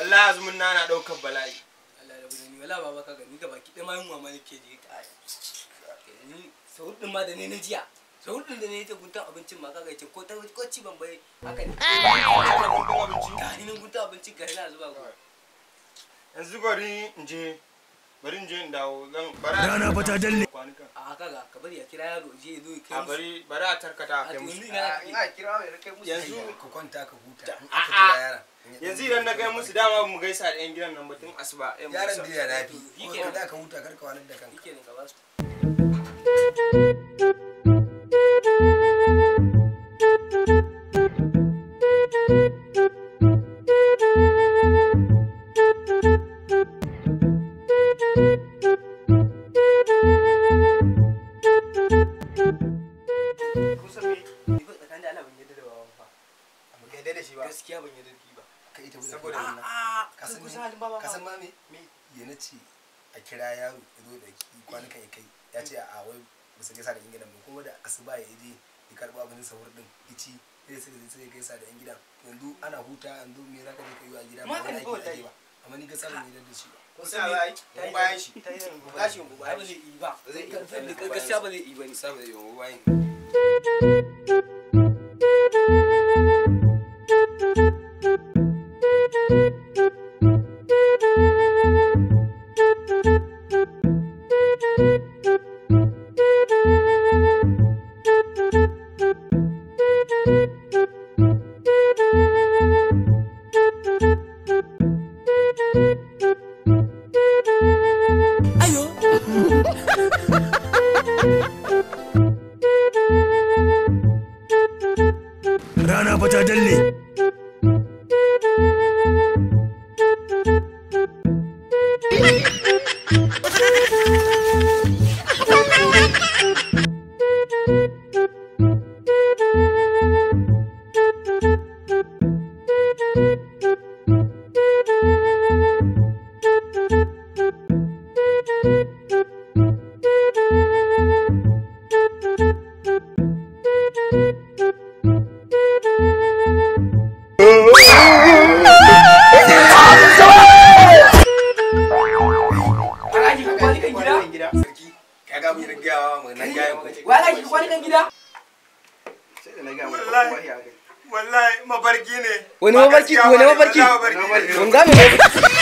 wallahi azumin na na daukar bala'i Allah ya rabu ni wallahi baba ka gani gaba ki dama ta ni din ma da ne na jiya din da ne ta gunta abincin ma ce ko ta ko ci ban bai haka ne ni nan gunta abincin ina yanzu bari in je bari in je in dawo zan bara rana dalle kaga ka bari ya kira yaro je zo ya kai bari bari a tarkata ka kai musu ina kira ya kai musu yanzu ka kwanta ka huta in aka yanzu idan na kai musu dama mu gaisa da yan gidan nan batun asuba yaron da ya rafi ko da ka huta kar ka walar da kanka yake ne ka ba su ba gaskiya ban ba ka ita saboda wannan ka san ka san ma me ya nace a kira yaro ya zo da kwanuka ya kai ya ce a wai musu gaisa da ingilan ba kuma da asuba ya je ya karɓi abin sahur din ici sai sai sai gaisa da ingilan yanzu ana huta yanzu me za ka je ka yi a gida ba za ka yi ba amma ni gaskiya ban yarda da ba ko bai ta yi bayan shi ta yi ba zai yi ba zai yi gaskiya ba zai yi ba ni sa yi ba bayan Rana fa ta dalle. gida sarki ka ga mu rigawa mu nan gayan ku wala ki kwani kan gida sai da na ga wallahi wallahi mabarki ne wani mabarki wani mabarki mun ga mu